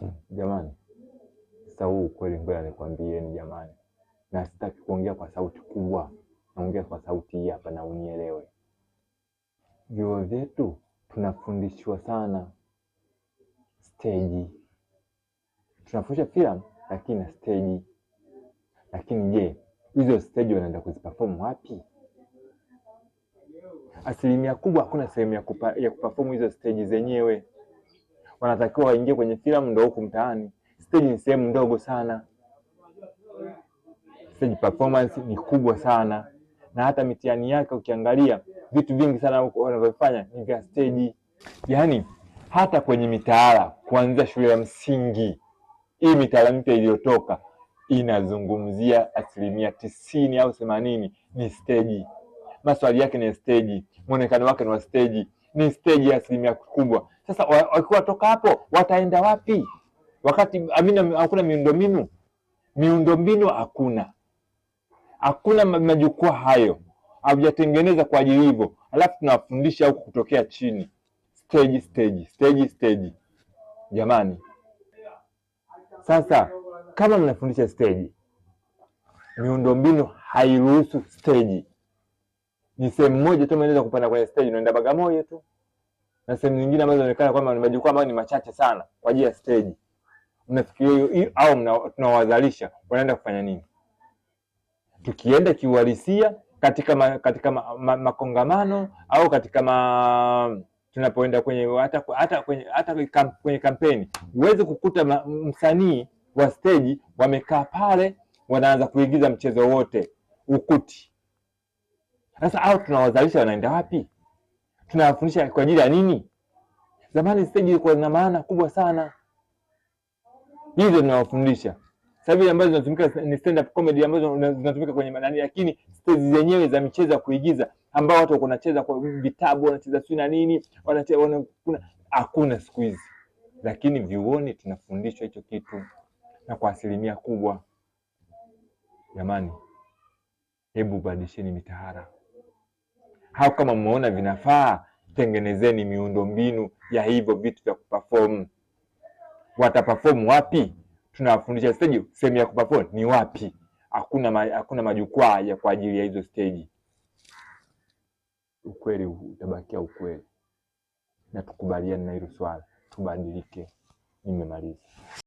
Hmm, jamani, sasa huu ukweli ngoja nikwambieni jamani, na sitaki kuongea kwa sauti kubwa, naongea kwa sauti hii hapa na unielewe. Vyuo vyetu tunafundishwa sana steji, tunafundisha filamu lakini na steji. Lakini je, hizo steji wanaenda kuziperform wapi? Asilimia kubwa hakuna sehemu ya kuperform hizo steji zenyewe wanatakiwa waingie kwenye filamu, ndo huku mtaani. Stage ni sehemu ndogo sana, stage performance ni kubwa sana, na hata mitihani yake ukiangalia, vitu vingi sana wanavyofanya ni vya stage. Yani hata kwenye mitaala kuanzia shule ya msingi, hii mitaala mpya iliyotoka inazungumzia asilimia tisini au themanini ni steji. Maswali yake ni ya steji, mwonekano wake ni wa steji ni stage ya asilimia kubwa. Sasa wakiwa toka hapo wataenda wapi, wakati amina, hakuna miundombinu? Miundombinu hakuna, hakuna majukwaa hayo haujatengeneza kwa ajili hivyo, alafu tunawafundisha huku kutokea chini, stage stage stage stage. Jamani, sasa kama mnafundisha stage, miundombinu hairuhusu stage ni sehemu moja tu unaweza kupanda kwenye stage, unaenda Bagamoyo tu na sehemu nyingine ambazo inaonekana kwamba ni majukwaa ambayo ni machache sana kwa ajili ya stage. Unafikiria hiyo au tunawadhalisha, wanaenda kufanya nini? Tukienda kiuhalisia katika ma, katika ma, ma, makongamano au katika ma, tunapoenda kwenye hata hata kwenye hata kwenye kampeni, huwezi kukuta msanii wa stage wamekaa pale wanaanza kuigiza mchezo wote ukuti sasa hao tunawazalisha wanaenda wapi? Tunawafundisha kwa ajili ya nini? Zamani stage ilikuwa na maana kubwa sana, hizo tunawafundisha. Sasa hivi ambazo zinatumika ni stand up comedy ambazo zinatumika kwenye madani, lakini stage zenyewe za michezo ya kuigiza ambao watu wanacheza kwa vitabu, wanacheza si na nini, wanacheza kuna hakuna siku hizi, lakini vyuoni tunafundishwa hicho kitu na kwa asilimia kubwa. Jamani, hebu badilisheni mitahara au kama mmeona vinafaa, tengenezeni miundombinu ya hivyo vitu vya kuperform. Wataperform wapi? Tunawafundisha stage, sehemu ya kuperform ni wapi? Hakuna ma, hakuna majukwaa ya kwa ajili ya hizo stage. Ukweli utabakia ukweli, na tukubaliane na hilo swala, tubadilike. Nimemaliza.